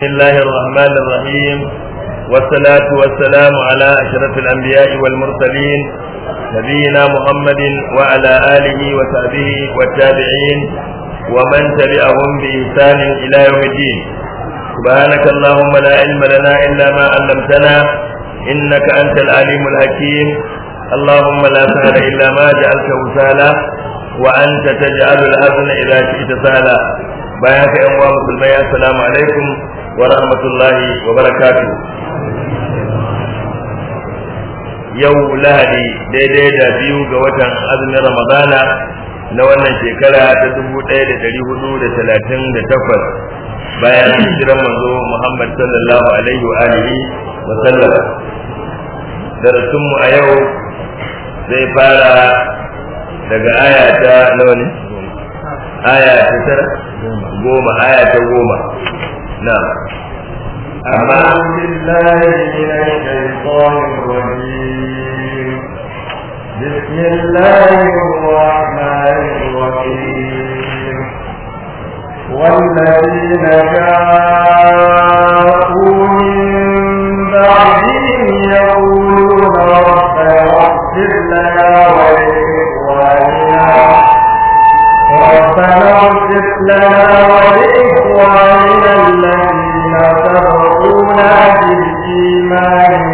بسم الله الرحمن الرحيم والصلاة والسلام على أشرف الأنبياء والمرسلين نبينا محمد وعلى آله وصحبه والتابعين ومن تبعهم بإحسان إلى يوم الدين سبحانك اللهم لا علم لنا إلا ما علمتنا إنك أنت العليم الحكيم اللهم لا سهل إلا ما جعلته سهلا وأنت تجعل الحزن إذا شئت سهلا بياك يا أموال المسلمين السلام عليكم ورحمة الله وبركاته yau lahadi daidai da biyu ga watan azumin ramadana na wannan shekara ta dubu ɗaya da ɗari hudu da talatin da takwas bayan hijiran manzo muhammad sallallahu alaihi wa wa sallam darasinmu a yau zai fara daga aya ta goma نعم أعوذ بالله من الشيطان الرجيم بسم الله الرحمن الرحيم والذين جاءوا من بعدهم يقولون ربنا اغفر لنا ولإخواننا ربنا اغفر لنا ولإخواننا الذين سبقونا بالإيمان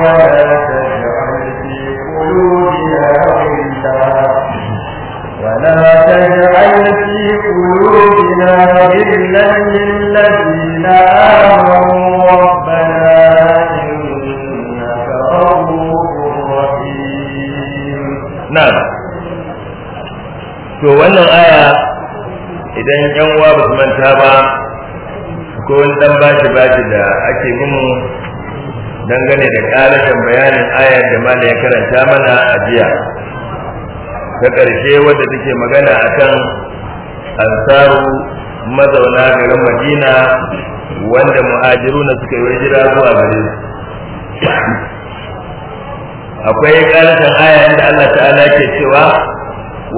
ولا تجعل في قلوبنا غلا ولا تجعل في قلوبنا غلا للذين آمنوا ربنا إنك رؤوف رحيم نعم to wannan aya idan yan uwa ba su manta ba Ko wani dan bashi bashi da ake bin dangane da karashin bayanin ayar da mala ya karanta mana a jiya ta ƙarshe wadda take magana akan ansaru mazauna garin madina wanda muhajiru na suka yi jira zuwa gare su akwai karashin aya da Allah ta'ala ke cewa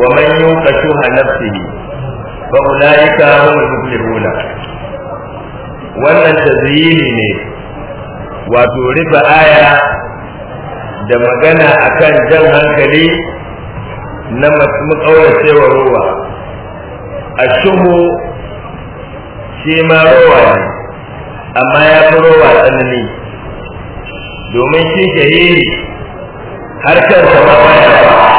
wa man yuqashu nafsihi fa ulaika humul muflihun wannan tazyini ne wato rufe aya da magana akan jan hankali na makauracewa ruwa a shuhu shi ma ruwa ne amma ya fi ruwa tsanani domin shi shahiri har kansa ma ba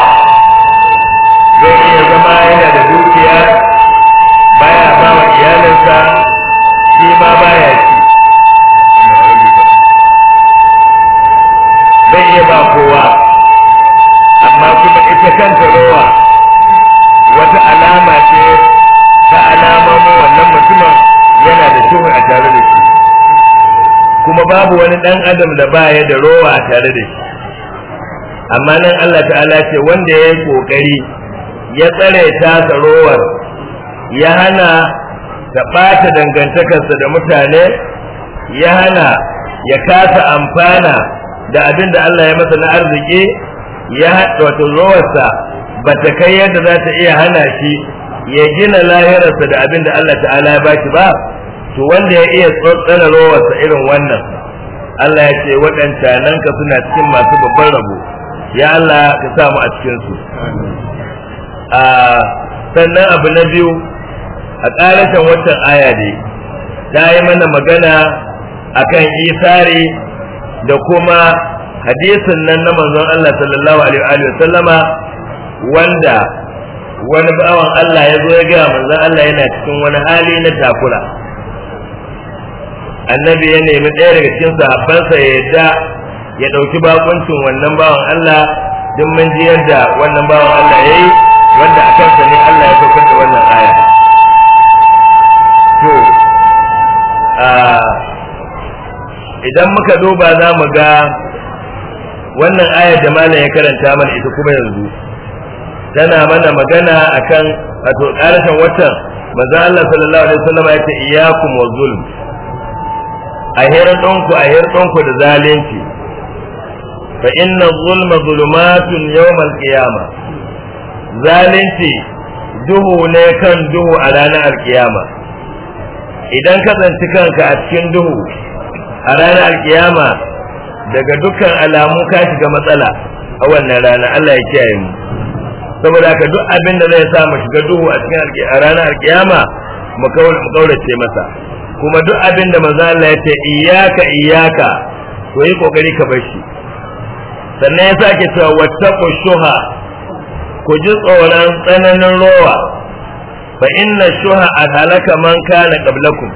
babu wani dan adam da baya da rowa tare da shi amma nan Allah ta'ala ce wanda ya yi kokari ya tsare ta rowar ya hana ta ɓata dangantakarsa da mutane ya hana ya kasa amfana da abin da Allah ya masa na arziki ya wato rowarsa ba ta kai yadda za ta iya hana shi ya gina lahirarsa da abin da Allah ta'ala ya bashi ba to wanda ya iya tsantsana rowarsa irin wannan Allah ya ce nan ka suna cikin masu babban rabo ya Allah ka sa a cikin su a sannan abu na biyu a ƙarashin watan aya ne ta yi mana magana akan isare da kuma hadisin nan na manzon Allah sallallahu alaihi wa sallama wanda wani bawan Allah ya zo ya ga manzon Allah yana cikin wani hali na takura annabi ya nemi ɗaya daga cikin sahabbansa ya yadda ya ɗauki bakuncin wannan bawan Allah duk mun ji yadda wannan bawan Allah ya yi wanda a kansa ne Allah ya saukar da wannan aya to idan muka duba za mu ga wannan aya da malam ya karanta mana ita kuma yanzu tana mana magana akan wato ƙarashin watan manzo Allah sallallahu alaihi wasallam ya ce iyyakum wa zulm a ɗinku, a hirɗinku da zalunci fa inna zulma zulumatun yawmal qiyama zalunci duhu ne kan duhu a ranar alkiyama idan ka zanci kanka a cikin duhu a ranar alkiyama daga dukkan alamu ka shiga matsala a wannan rana Allah ya kiyaye mu saboda haka duk abin da zai sa mu shiga duhu a cikin ranar alkiyama mu kaurace masa kuma duk abin da manzo Allah ya ce iyyaka iyyaka to yi kokari ka bar shi sannan ya sake cewa wattaqu shuha ku ji tsoron tsananin rowa fa inna shuha halaka man kana qablakum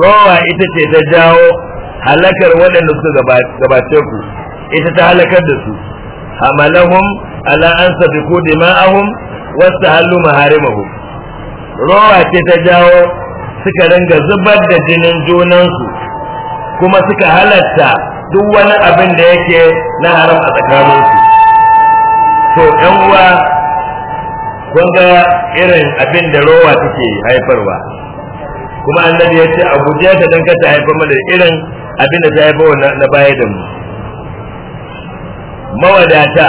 rowa ita ce ta jawo halakar waɗanda suka gabace ku ita ta halakar da su hamalahum ala an sabiku dima'ahum wasu hallu maharimahum rowa ce ta jawo suka ringa zubar da jinin junansu kuma suka halatta duk wani abin da yake na haram a tsakaninsu to yan uwa kun ga irin abin da rowa take haifarwa kuma annabi ya ce a guje ta don ka ta haifar mu irin abin da ta haifar na baya da mu mawadata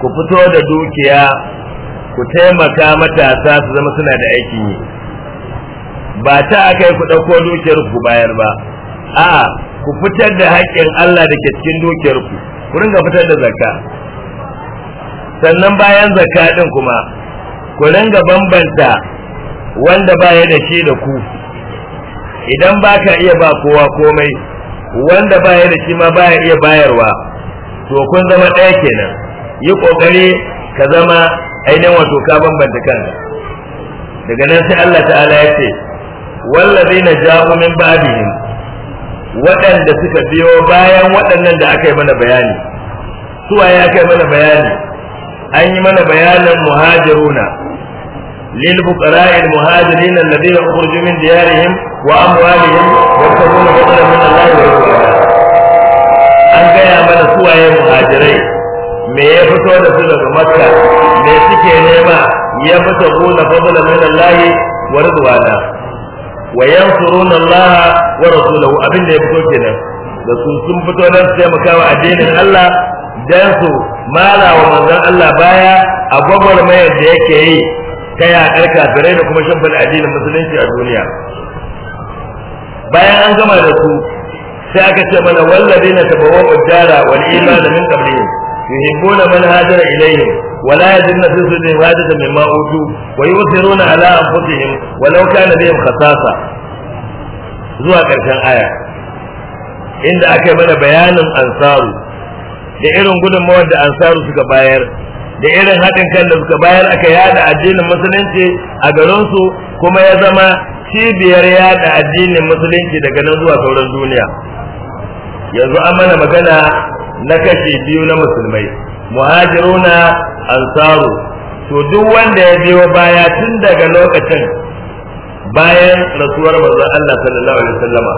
ku fito da dukiya ku taimaka matasa su zama suna da aikin yi ba ta kai ku ɗauko dukiyar ku bayar ba a ku fitar da haƙƙin Allah da ke cikin dukiyar ku ku ringa fitar da zakka sannan bayan zakka din kuma ku ringa bambanta wanda baya da shi da ku idan baka iya ba kowa komai wanda baya da shi ma baya iya bayarwa to kun zama ɗaya kenan yi ƙoƙari ka zama ainihin wato ka bambanta kanka daga nan sai Allah ta'ala ya ce wallazina ja'u min ba'dihim waɗanda suka biyo bayan waɗannan da aka yi mana bayani su waye aka yi mana bayani an yi mana bayanin muhajiruna lil fuqara'i al muhajirin alladhina ukhriju min diyarihim wa amwalihim yabtaguna fadlan min Allah wa rizqan an gaya mana su waye muhajirai me ya fito da su daga makka me suke nema ya fito gona fadlan min Allah wa rizqan wa yansuruna Allah wa rasulahu abin da ya fito kenan da su sun fito don su taimaka addinin Allah dan su mala wa manzon Allah baya a gwagwarmayar da yake yi ta yaƙar kafirai da kuma shimfin addinin musulunci a duniya bayan an gama da su sai aka ce mana wallazina tabawwa'u dara wal imana min qablihim يحبون من هاجر إليهم ولا يجدون في صدورهم حاجة مما أوتوا ويؤثرون على أنفسهم ولو كان بهم خصاصة zuwa ƙarshen آية inda aka yi mana bayanin ansaru da irin gudunmawar da ansaru da irin hakan kan da suka bayar aka yada addinin musulunci a garinsu kuma ya zama cibiyar yada addinin musulunci daga nan zuwa sauran duniya yanzu an mana magana na kashi biyu na musulmai muhajiruna ansaru to duk wanda ya biyo baya tun daga lokacin bayan rasuwar manzon Allah sallallahu alaihi wasallama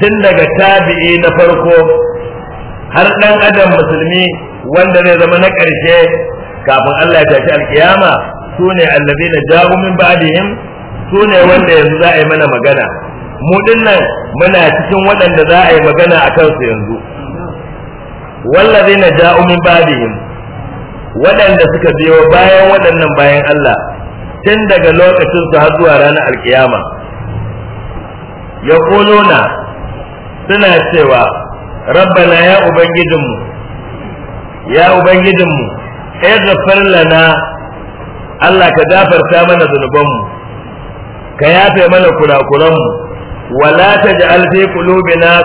tun daga tabi'i na farko har dan adam musulmi wanda zai zama na ƙarshe kafin Allah ya tashi alkiyama su ne allazina jabu min ba'dihim su ne wanda yanzu za a yi mana magana mu dinnan muna cikin waɗanda za a yi magana a kansu yanzu wallazina ja'u min ba'dihim waɗanda suka biyo bayan waɗannan bayan Allah tun daga lokacin su har zuwa ranar alkiyama yaquluna suna cewa rabbana ya ubangijinmu ya ubangijinmu ighfir lana Allah ka gafarta mana zunubanmu ka yafe mana kurakuranmu ولا تجعل في قلوبنا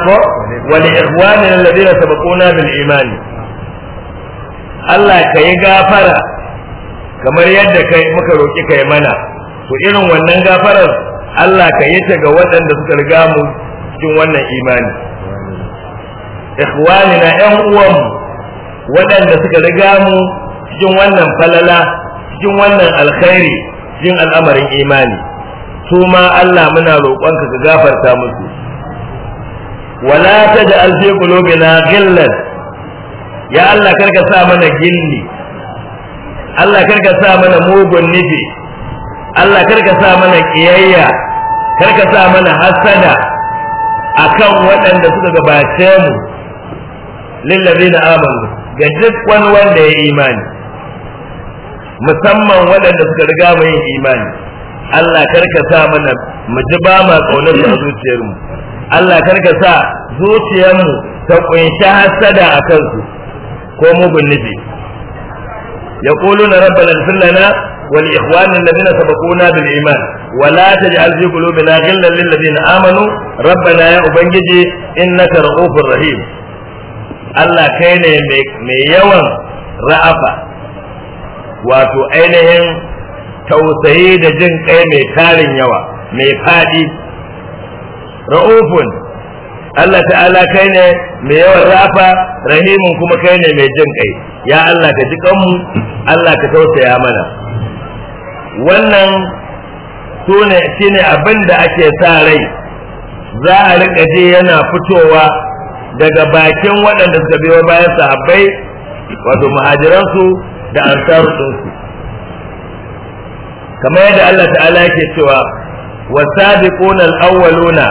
ولإخواننا الذين سبقونا بالإيمان Allah ka yi gafara kamar yadda kai muka roƙi kai mana to irin wannan gafarar Allah ka yi ta ga waɗanda suka riga mu cikin wannan imani ikhwanina ƴan uwan waɗanda suka riga mu cikin wannan falala cikin wannan alkhairi cikin al'amarin imani su ma Allah muna roƙonka ka gafarta musu wala taj'al fi qulubina ghillan ya Allah karka sa mana gilli Allah karka sa mana mugun nufi Allah karka sa mana kiyayya karka sa mana hasada akan waɗanda suka gabace mu na amanu ga duk wani wanda ya imani musamman waɗanda suka riga mu yin imani Allah karka sa mana mu ji ba ma a zuciyarmu Allah karka sa zuciyarmu ta kunshi hasada a kansu ko mugun nufi yaquluna rabbana ighfir lana wa li ikhwanina alladhina sabaquna bil iman wa la taj'al fi qulubina ghillan lil ladina amanu rabbana ya ubangiji innaka ra'ufur rahim Allah kai ne mai yawan ra'afa wato ainihin tausayi da jin kai mai tarin yawa mai fadi ra'ufun Allah ta'ala kai ne mai yawan rafa rahimun kuma kai ne mai jin kai ya Allah ka ji kanmu Allah ka tausaya mana wannan sune shine abin da ake sa rai za a rika je yana fitowa daga bakin waɗanda suka biyo bayan sahabbai wato muhajiransu da su kamar yadda Allah ta'ala yake cewa wasabiquna al-awwaluna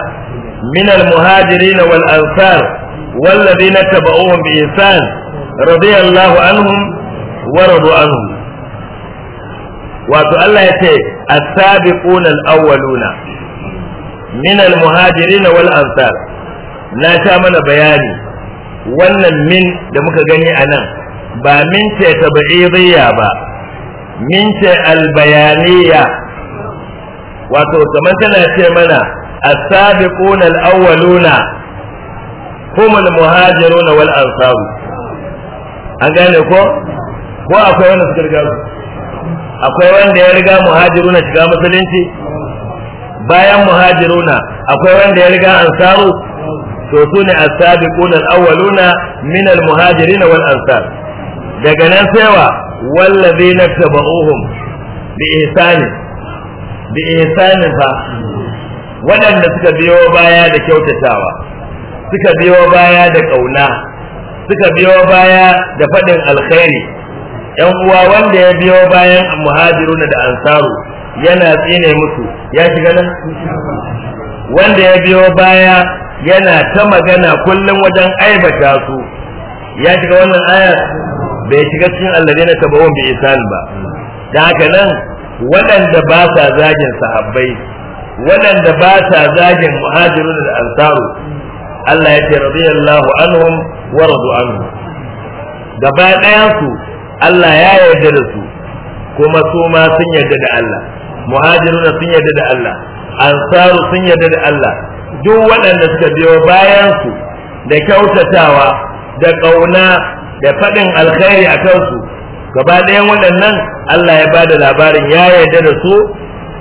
min al-muhajirin wal ansar والذين تبعوهم بإحسان رضي الله عنهم ورضوا عنه wato Allah ya ce as-sabiqun al-awwaluna min al-muhajirin wal ansar na sha mana bayani wannan min da muka gani anan ba min ce tabi'iyya ba mince albayaniya wato kamar tana ce mana as-sabiqun al-awwaluna hum al-muhajirun wal ansar an gane ko ko akwai wanda suka riga akwai wanda ya riga muhajiruna shiga musulunci bayan muhajiruna akwai wanda ya riga ansaru to su ne as-sabiqun al-awwaluna min al wal ansar daga nan sai wa والذين اتبعوهم بإحسان بإحسان ba, waɗanda suka biyo baya da kyautatawa suka biyo baya da kauna suka biyo baya da faɗin alkhairi yan uwa wanda ya biyo bayan muhajirun da ansaru yana tsine musu ya shiga nan wanda ya biyo baya yana ta magana kullum wajen aibata su ya shiga wannan aya bai shiga cikin alladina tabawun bi isan ba da haka nan waɗanda ba sa zagin sahabbai waɗanda ba sa zagin muhajirun da ansaru Allah ya ce radiyallahu anhum wa radu anhu gaba ɗayan su Allah ya yarda da su kuma su ma sun yarda da Allah muhajiruna sun yarda da Allah ansaru sun yarda da Allah duk waɗanda suka biyo bayan su da kyautatawa da ƙauna da faɗin alkhairi a kansu gaba ɗayan waɗannan Allah ya bada labarin ya yarda da su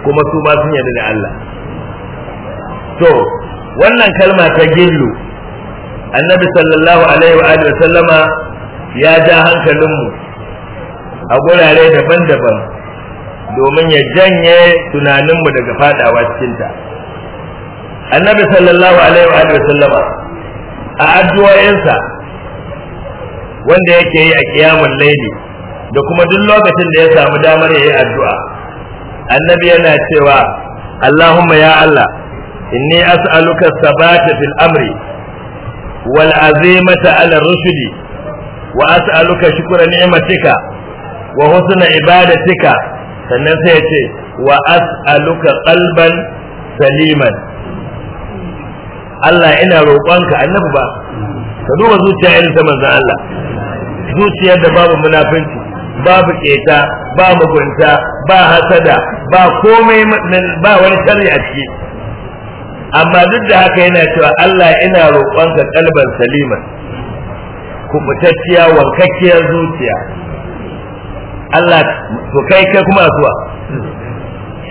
kuma su ma sun yarda da Allah to wannan kalma ta gillu annabi sallallahu alaihi wa alihi sallama ya ja hankalinmu a gurare daban-daban domin ya janye tunaninmu daga fadawa cikinta annabi sallallahu alaihi wa alihi sallama a addu'o'insa wanda yake yi a kiyamun laili da kuma duk lokacin da ya samu damar ya yi addu'a annabi yana cewa Allahumma ya Allah inni as'aluka sabata fil amri wal azimata ala rushdi wa as'aluka shukra ni'matika wa husna ibadatika sannan sai ya ce wa as'aluka qalban saliman Allah ina roƙonka annabi ba ka duba zuciya irin ta manzon Allah zuciyar da babu munafinci babu keta ba mugunta ba hasada ba komai ba wani sharri a ciki amma duk da haka yana cewa Allah ina roƙonka kalban saliman kubutacciya wankakkiyar zuciya Allah to kai kai kuma zuwa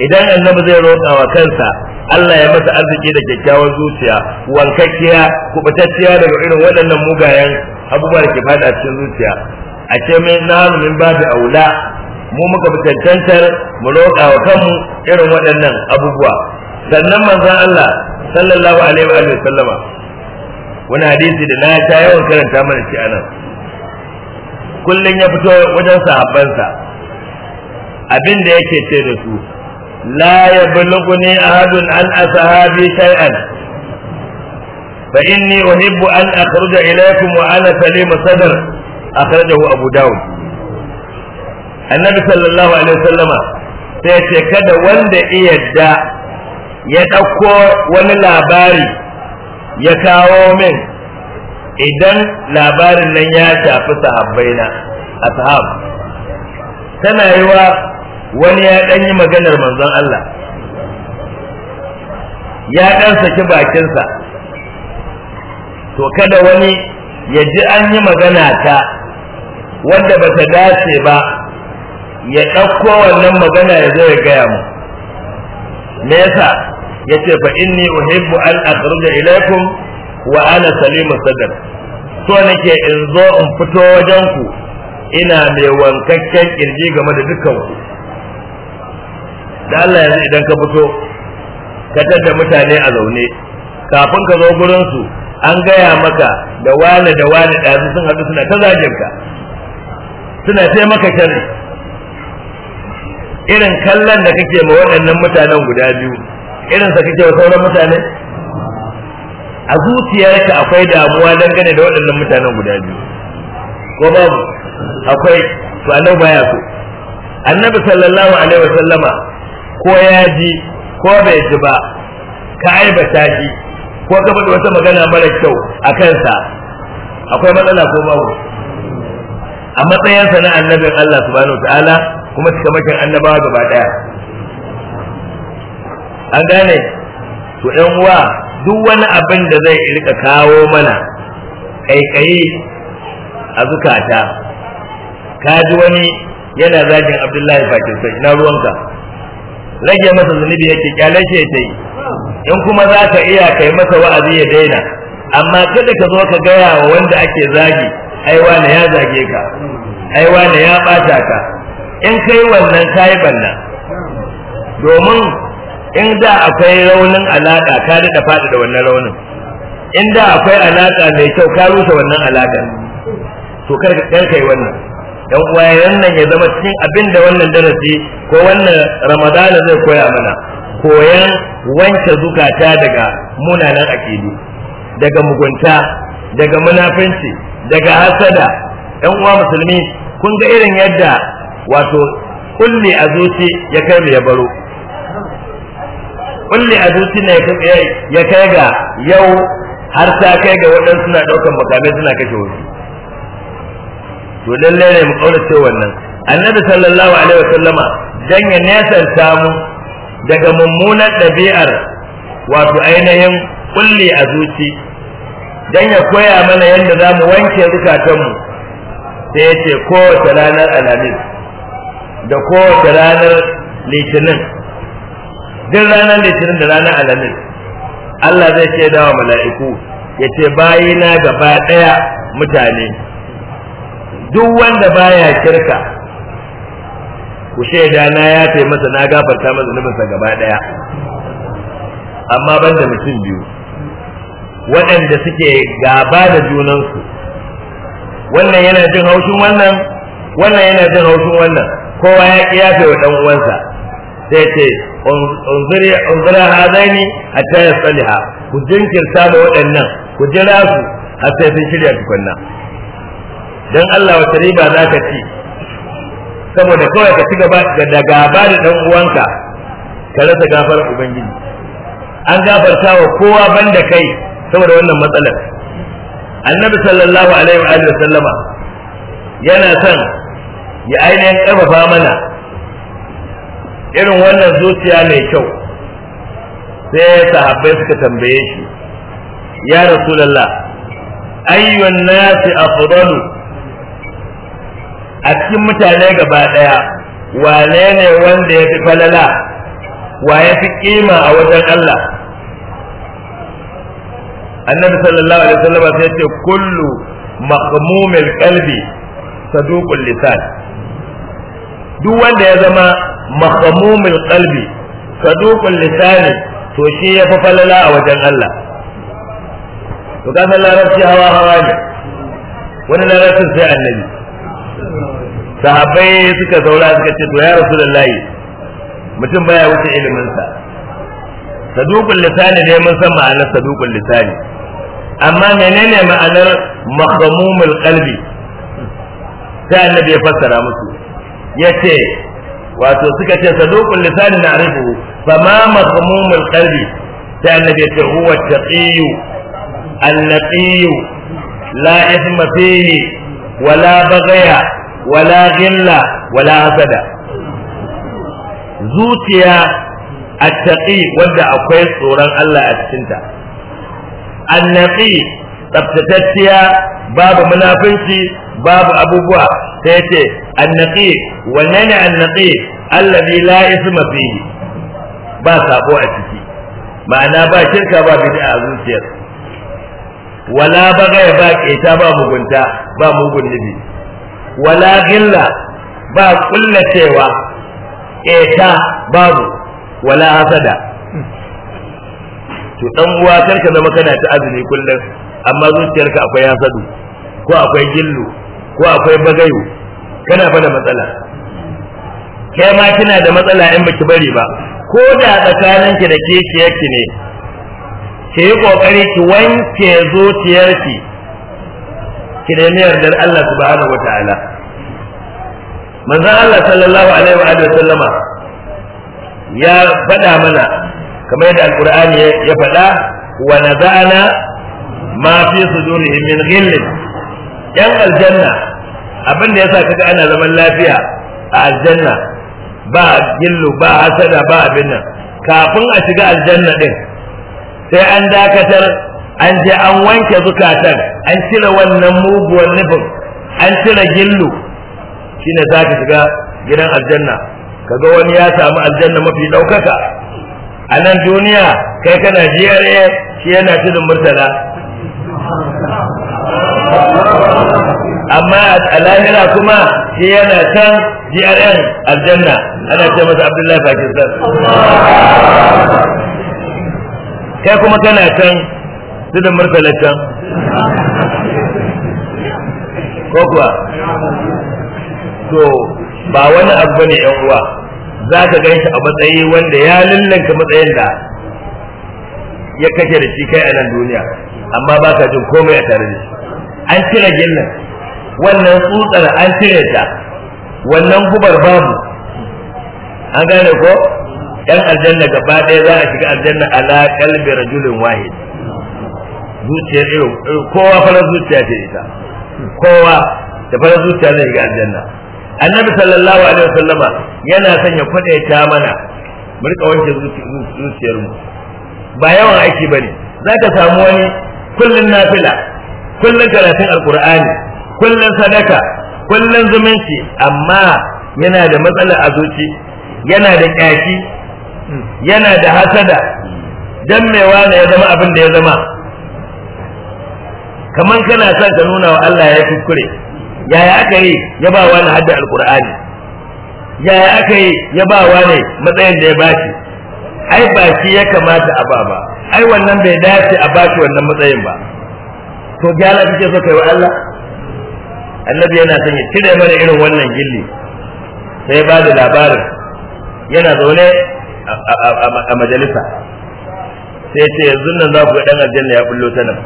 idan annabi zai roƙa wa kansa Allah ya masa arziki da kyakkyawar zuciya wankakkiya kubutacciya daga irin waɗannan mugayen abubuwa da ke fada cikin zuciya a ce min nanu min babu aula mu muka fi cancantar mu roƙa wa kanmu irin waɗannan abubuwa sannan manzon Allah sallallahu alaihi wa sallama wani hadisi da na ta yawan karanta mana shi anan kullun ya fito wajen sahabbansa abin da yake ce da su لا يبلغني أحد عن أصحابي شيئا فإني أحب أن أخرج إليكم وأنا سليم صدر أخرجه أبو داود النبي صلى الله عليه وسلم سيتي كذا وند إيدا يتقو wani labari ya من إذن idan labarin nan ya shafi sahabbaina ashab wani ya dan yi maganar manzon Allah ya ɗan saki bakinsa to kada wani ya ji an yi magana ta wanda ba ta dace ba ya ɗauko wannan magana ya zo ya gaya mu me yasa yace fa inni uhibbu an akhruja ilaikum wa ana salimu Sadar, so nake in zo in fito wajen ku ina mai wankakken kirji game da dukkan ku da Allah yanzu idan ka fito ka tada mutane a zaune kafin ka zo gurin su an gaya maka da wane da wane ɗazu sun haɗu suna ta zagin ka suna sai maka sharri irin kallon da kake ma waɗannan mutanen guda biyu irin sa kake wa sauran mutane a zuciyarka akwai damuwa dangane da waɗannan mutanen guda biyu ko babu akwai to annabi baya so annabi sallallahu alaihi wasallama ko ya ji ko bai ji ba ka aibata shi ko ka faɗi wata magana mara kyau a kansa akwai matsala ko babu a matsayinsa na annabin Allah subhanahu ta'ala kuma cikamakin annabawa gaba ɗaya an gane to ɗan uwa duk wani abin da zai rika kawo mana ƙaiƙayi a zukata ka ji wani yana zagin abdullahi fakir sai ina ruwanka rage masa zunubi yake kyale shi yi in kuma za ka iya kai masa wa'azi ya daina amma kada ka zo ka gaya wa wanda ake zagi ai wane ya zage ka ai wane ya bata ka in kai wannan kai banna domin in da akwai raunin alaka ka da faɗi da wannan raunin in da akwai alaka mai kyau ka rusa wannan alaka to kar ka kai wannan yan uwa ya zama cikin abin da wannan darasi ko wannan ramadana zai koya mana koyan wanke zukata daga munanan akidu daga mugunta daga munafinci daga hasada yan uwa musulmi kun ga irin yadda wato kulli a zuci ya kai ya baro kulli a zuci ne ya kai ga yau har ta kai ga waɗansu na ɗaukan makamai suna kashe wasu to lalle ne mu kaurace wannan annabi sallallahu alaihi wasallama dan ya nesanta mu daga mummunan ɗabi'ar wato ainihin kulli a zuci dan ya koya mana yadda za mu wanke zukatanmu sai ya ce kowace ranar alhamis da kowace ranar litinin duk ranar litinin da ranar alamin Allah zai ce dawa mala'iku ya ce bayina gaba ɗaya mutane duk wanda baya kirka, ku shaida na ya masa na gafarta masa zunubinsa gaba daya amma ban da mutum biyu waɗanda suke gaba da junansu wannan yana jin haushin wannan wannan yana jin haushin wannan kowa ya kiyafe wa ɗan uwansa sai ce unzura hazaini a ya saliha ku jinkirta da waɗannan ku jira su a sai sun shirya tukunna don Allah wata riba za ka ci saboda kawai ka ci gaba da gaba da dan uwanka ka rasa gafar ubangiji an gafarta wa kowa banda kai saboda wannan matsalar annabi sallallahu alaihi wa sallama yana son ya ainihin karfafa mana irin wannan zuciya mai kyau sai sahabbai suka tambaye shi ya rasulullah ayyun nasi afdalu a cikin mutane gaba daya wane ne wanda ya fi falala wa ya fi kima a wajen Allah annabi sallallahu alaihi wasallam sai ce kullu mahmumil qalbi saduqul lisan duk wanda ya zama mahmumil qalbi saduqul lisan to shi ya fi falala a wajen Allah to kasan larabci hawa hawa ne wani larabcin sai annabi Sahabai suka zaura suka ce to ya rasulullahi mutum baya wuce ilimin sa saduqul lisani ne mun san ma'anar saduqul lisani amma menene ma'anar mahmumul qalbi sai annabi ya fassara musu yace wato suka ce saduqul lisani na arifu fa ma mahmumul qalbi sai annabi ya ce huwa taqiyu النقي لا إثم فيه wala bagaya wala gilla wala hasada zuciya attaqi wanda akwai tsoron Allah a cikinta annaqi tsaftatacciya babu munafinci babu abubuwa sai ce annaqi wannan ne annaqi allazi la isma fihi ba sabo a ciki ma'ana ba shirka ba bid'a a zuciyarsa wala bagaya ba keta ba mugunta ba mugun nubi wala gilla ba kullacewa keta babu wala hasada to dan uwa karka zama kana ta azumi kullum amma zuciyarka akwai hasadu ko akwai gillu ko akwai bagayo kana fa da matsala kai ma kina da matsala in baki bari ba ko da tsakaninki da kishiyarki ne ki yi kokari ki wanke zuciyarki ki nemi da Allah subhanahu wataala manzo Allah sallallahu alaihi wa alihi sallama ya faɗa mana kamar yadda alqur'ani ya faɗa wa nadana ma fi sudurihim min ghillin yan aljanna abin da yasa kaga ana zaman lafiya a aljanna ba gillu ba hasada ba abin nan kafin a shiga aljanna din sai an dakatar an je an wanke zukatan an cire wannan muguwar nufin an cire gillu shine za ka shiga gidan aljanna kaga wani ya samu aljanna mafi ɗaukaka a nan duniya kai kana GRA shi yana tudun murtala amma a lahira kuma shi yana can GRN aljanna ana ce masa Abdullahi Pakistan kai kuma kana can tudun murtala can ko kuwa to ba wani abu ne yan uwa za ka gan shi a matsayi wanda ya lallanka matsayin da ya kake da shi kai a nan duniya amma ba ka jin komai a tare da shi an cire gillan wannan tsutsar an cire ta wannan gubar babu an gane ko yan aljanna gaba ɗaya za a shiga aljanna ala kalbi rajulin wahid zuciyar irin kowa farar zuciya ce ita kowa da farar zuciya zai shiga aljanna annabi sallallahu alaihi wasallama yana sanya kwadaita mana mu rika wanke zuciyar mu ba yawan aiki bane ka samu wani kullun nafila kullun karatun alqur'ani kullun sadaka kullun zumunci amma yana da matsala a zuci yana da kyashi yana da hasada dan mai wane ya zama abin da ya zama kaman kana son ka nuna wa Allah ya kuskure yaya aka yi ya ba wani hadda alkur'ani yaya aka yi ya ba wani matsayin da ya bashi ai ba shi ya kamata a ba ba ai wannan bai dace a bashi wannan matsayin ba to gyara kike so kai wa Allah annabi yana son ya cire mana irin wannan gilli sai ba da labarin yana zaune a majalisa sai ce yanzu nan za ku ga dan aljanna ya bullo ta nan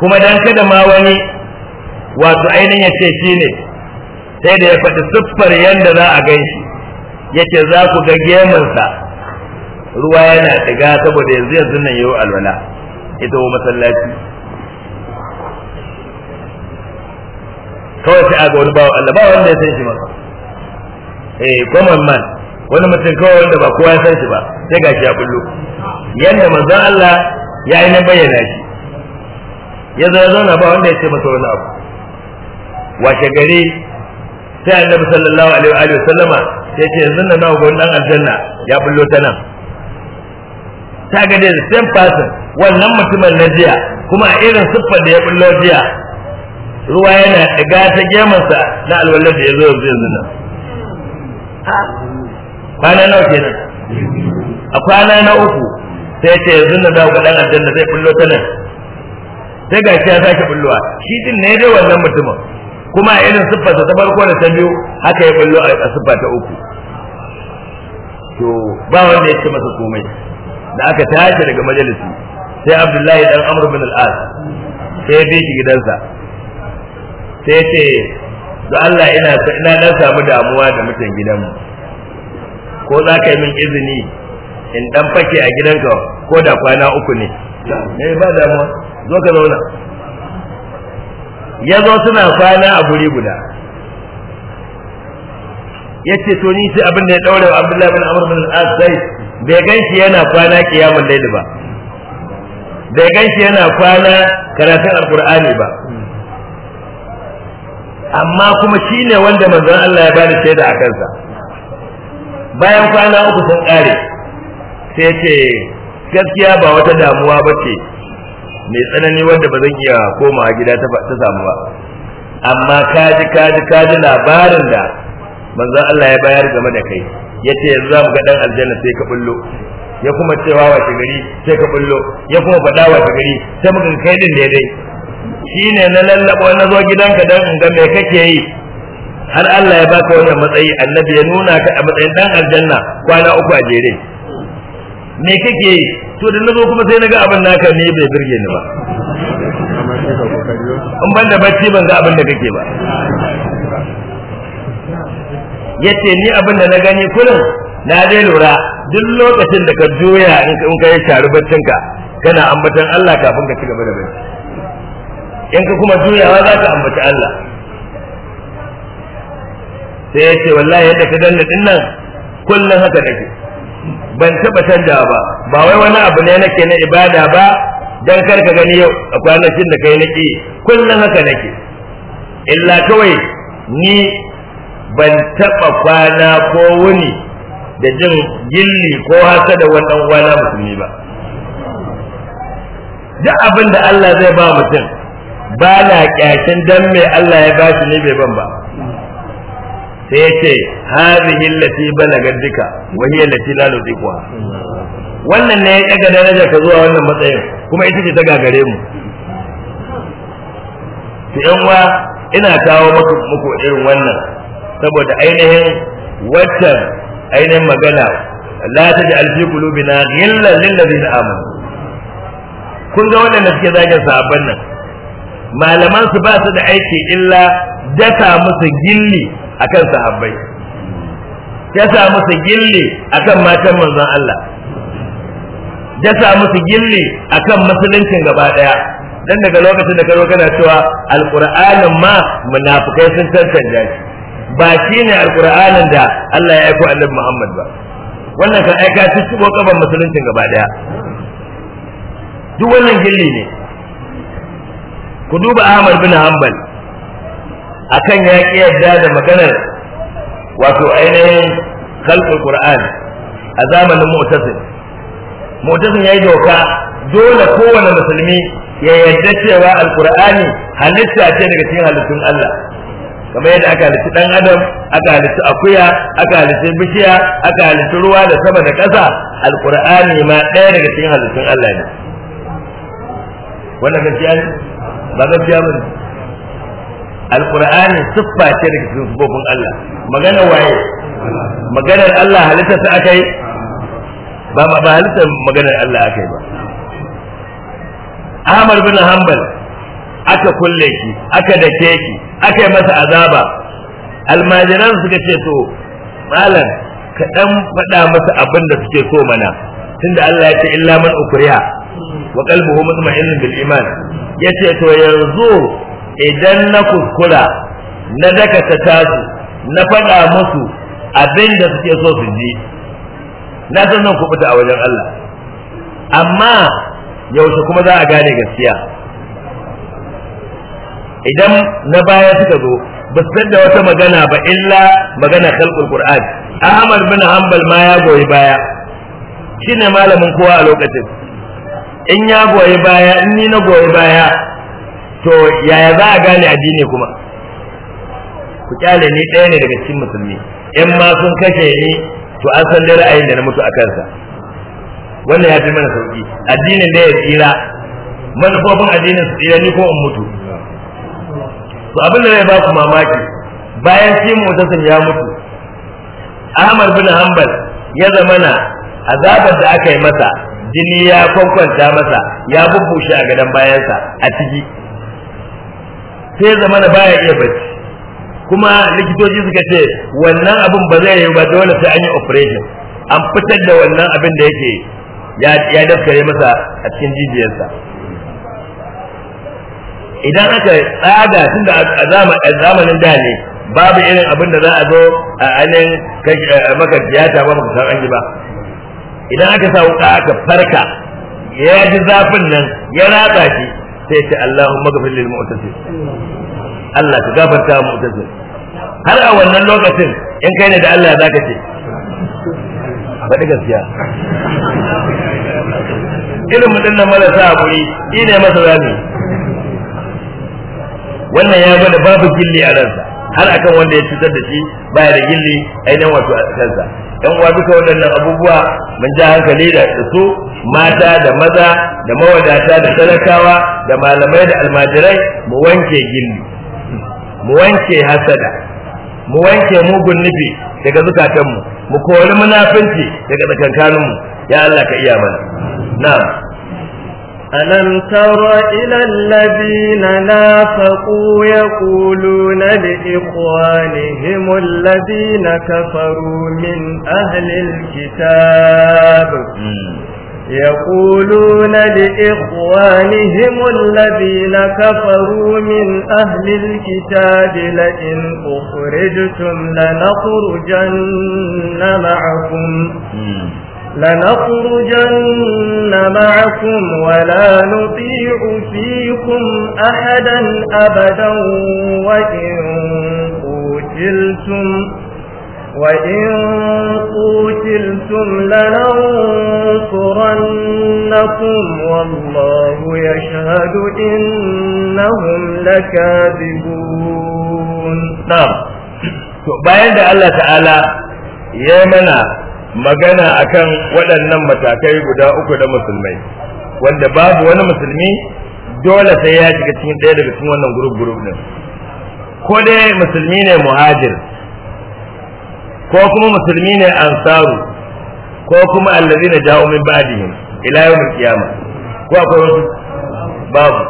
kuma dan kada ma wani wato ainihin ya ce shi ne sai da ya faɗi siffar yadda za a gan shi ya ce za ku ga gemunsa ruwa yana shiga saboda yanzu yanzu nan yau alwala ita wa masallaci kawai sai ga wani bawa Allah ba wanda ya san shi masa eh common man wani mutum kawai wanda ba kowa ya san shi ba sai gashi ya bullo yadda manzon Allah ya yi na bayyana shi ya zo zauna ba wanda ya ce masa wani abu washe gari sai annabi sallallahu alaihi wa sallama sai ce yanzu na nawa gwan dan aljanna ya bullo ta nan ta ga dai same person wannan mutumin na jiya kuma a irin siffar da ya bullo jiya ruwa yana daga ta gemansa na alwallar da ya zo yanzu yanzu nan kwana nawa kenan a kwana na uku sai ce yanzu na za ku dan aljanna zai bullo ta nan sai gashi ya sake bullowa shi din ne dai wannan mutumin kuma a irin siffar ta farko da ta biyu haka ya bullo a siffar ta uku to ba wanda ya ce masa komai da aka tashi daga majalisi sai abdullahi dan amr bin al-as sai ya bi gidansa sai ce da Allah ina ina dan samu damuwa da mutan gidanmu ko za ka yi min izini in dan fake a gidanka ko da kwana uku ne eh ba damuwa zo ka zauna ya zo suna kwana a guri guda ya ce to ni sai abin da ya daure wa abdullahi bin amr bin al-as sai bai gan shi yana kwana kiyamul layl ba bai gan shi yana kwana karatun alqur'ani ba amma kuma shine wanda manzon Allah ya bani shaida a kansa bayan kwana uku sun kare sai ce gaskiya ba wata damuwa ba ce mai tsanani wanda ba zan iya komawa gida ta samu ba amma kaji kaji kaji labarin da manzon Allah ya bayar game da kai yace yanzu za mu ga dan aljanna sai ka bullo ya kuma cewa wa gari sai ka bullo ya kuma faɗa wa gari sai ga kai din daidai shine na lallaba na zo gidanka dan in ga me kake yi har Allah ya baka wannan matsayi annabi ya nuna ka a matsayin dan aljanna kwana uku a jere me kake yi to da nazo kuma sai naga abin naka ne bai birge ni ba in ban da bacci ban ga abin da kake ba yace ni abin da na gani kullum na dai lura duk lokacin da ka juya in ka yi shari baccinka kana ambatan Allah kafin ka ci gaba da bacci in ka kuma juyawa za ka ambaci Allah sai ya ce wallahi yadda ka danna din nan kullum haka take ban taba canja ba ba wai wani abu ne nake na ibada ba dan kar ka gani yau a kwanakin da kai nake kullum haka nake illa kawai ni ban taba kwana ko wuni da jin gilli ko hasa da wannan uwana musulmi ba duk abin da Allah zai ba mutum ba na kyashin dan mai Allah ya bashi ne bai ban ba sai yace hadhihi lati balagar dika wani hiya allati la nudiqwa wannan ne ya daga daraja ka zuwa wannan matsayin kuma ita ce ta gagare mu to yan wa ina kawo maka muku irin wannan saboda ainihin waccan ainihin magana la ji alfi kulubina ghillan lil ladina amanu kun ga waɗanda suke zagin sahabban nan malaman su ba su da aiki illa daka musu gilli akan sahabbai ya sa musu gilli akan matan manzon Allah ya sa musu gilli akan musuluncin gaba daya dan daga lokacin da karo kana cewa alqur'anin ma munafikai sun tantance shi ba ne alqur'anin da Allah ya aiko annabi Muhammad ba wannan kan aika su ko kaban musuluncin gaba daya duk wannan gilli ne ku duba Ahmad bin Hanbal akan ya ki yadda da maganar wato ainihin khalqul qur'an a zamanin mu'tasim ya yi doka dole kowane musulmi ya yadda cewa alqur'ani halitta ce daga cikin halittun Allah kamar yadda aka halitta dan adam aka halitta akuya aka halitta bishiya aka halitta ruwa da sama da ƙasa alqur'ani ma ɗaya daga cikin halittun Allah ne wannan gaskiya ne ba gaskiya bane alqur'anin siffa ce daga cikin siffofin Allah magana waye maganar Allah halitta akai ba ba halitta maganar Allah akai ba Ahmad bin Hamad aka kulle ki aka dake ki aka yi masa azaba almajiran suka ce to malam ka faɗa masa abinda da suke so mana tunda Allah ya ce illa man ukriya wa qalbuhu mutma'innun bil iman yace to yanzu idan na kuskura na dakata tasu na faɗa musu abin da suke so su ji na san zan kubuta a wajen Allah amma yaushe kuma za a gane gaskiya idan na baya suka zo ba su da wata magana ba illa magana khalqul qur'an ahmad bin hanbal ma ya goyi baya shine malamin kowa a lokacin in ya goyi baya in ni na goyi baya to yaya za a gane addini kuma ku kyale ni ɗaya ne daga cikin musulmi in ma sun kashe ni to an san dai ra'ayin da na mutu a kansa wannan ya fi mana sauki addinin da ya tsira manufofin addinin su tsira ni ko in mutu to abin da zai ba ku mamaki bayan shi mutasin ya mutu ahmad bin hanbal ya zama zamana azabar da aka yi masa jini ya kwankwanta masa ya bubbushi a gadon bayansa a ciki sai zama na baya iya bacci kuma likitoci suka ce wannan abin ba zai yi ba dole sai an yi operation an fitar da wannan abin da yake ya daskare masa a cikin jijiyarsa idan aka tsada tun da a zamanin da ne babu irin abin da za a zo a anin maka tiyata ba maka san ba idan aka sa wuka aka farka ya ji zafin nan ya ratsa shi sai ce Allahumma ghfir lil mu'tasim Allah ka gafarta wa mu'tasim har a wannan lokacin in kai ne da Allah zaka ce faɗi gaskiya irin mutum na marasa haƙuri shi ne masa zami wannan ya bada babu gilli a ransa har akan wanda ya cutar da shi baya da gilli ainihin wato a kansa yan uwa duka waɗannan abubuwa mun ja hankali da su mata da maza da mawadata da talakawa da malamai da almajirai mu wanke gilli mu wanke hasada mu wanke mugun nufi daga zukatanmu mu kori munafinci daga tsakankaninmu ya Allah ka iya mana na'am ألم تر إلى الذين نافقوا يقولون لإخوانهم الذين كفروا من أهل الكتاب يقولون لإخوانهم الذين كفروا من أهل الكتاب لئن أخرجتم لنخرجن معكم لنخرجن معكم ولا نطيع فيكم أحدا أبدا وإن قتلتم وإن قتلتم لننصرنكم والله يشهد إنهم لكاذبون نعم bayan da Allah ta'ala ya mana magana akan waɗannan matakai guda uku da musulmai wanda babu wani musulmi dole sai ya shiga cikin ɗaya daga cikin wannan gurub gurub ko dai musulmi ne muhajir ko kuma musulmi ne ansaru ko kuma allazina ja'u min ba'dihim ila al qiyamah ko akwai wasu babu